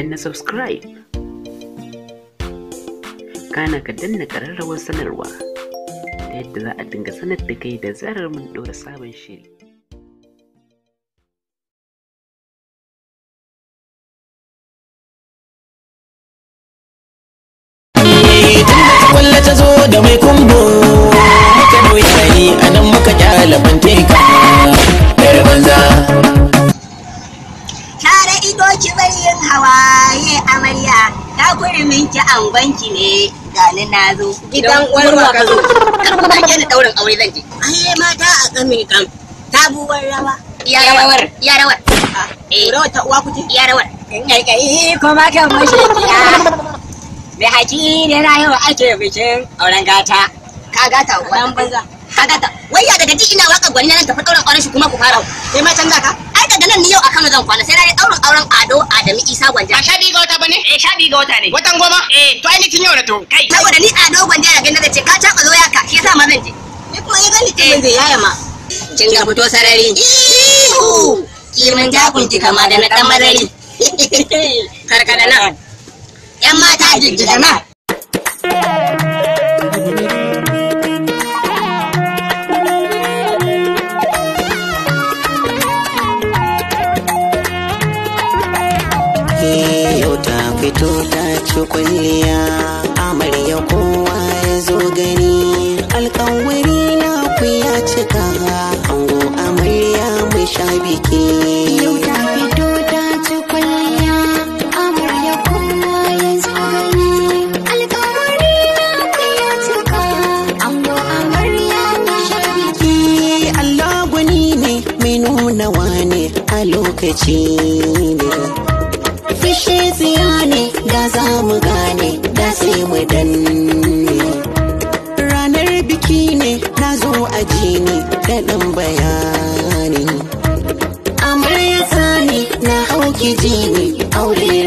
danna subscribe kana ka danna ƙararrawar sanarwa ta yadda za a dinga sanar da kai da zarar mun ɗora sabon shiri ta zo da mai kumbo muka ɗauki a nan muka ƙyalaban Ta min ki angonki ne gani na zo. Gidan uwarwa ka zo. Kar kuma ke ni daurin aure zan je. Ai mata a kame Ta Tabuwar rawa. Iya rawar. Iya rawar. Ah, eh. Rawar ta uwa kuke. Iya rawar. In kai kai kuma kan mashiya. Me haji ne na yau ake bikin auren gata. Ka gata uwa. Dan banza. Ka gata. Wai ya daga ji ina waka gwani nan tafi ɗaurin auren shi kuma ku fara. Kai ma canza ka. Ai daga nan ni yau a Kano zan kwana sai na yi ɗaurin auren Ado Adamu Isa Gwanja. Ashadi wata watan goma eh to ai tun yau na to kai saboda ni a dogon jira ganin da ce ka caka zo yaka shi yasa ma zan je ni kuma ya gani tun zai yaya ma kin ga fito sarari ihu kimin jakun ki kama da na dan madari karkada nan yan mata jijjiga nan fito ta ci amarya kowa yazo zo gani alkawari na ku ya cika ango amarya mai sha biki fito ta ci amarya kowa ya zo gani alkawari na ku ya cika ango amarya mai sha biki ne mai nuna wane a lokaci ne ashe tsiya ne da za mu gane da sai mu danne ranar biki ne na zo a jini da ɗan bayani amarya sani na hauki jini aure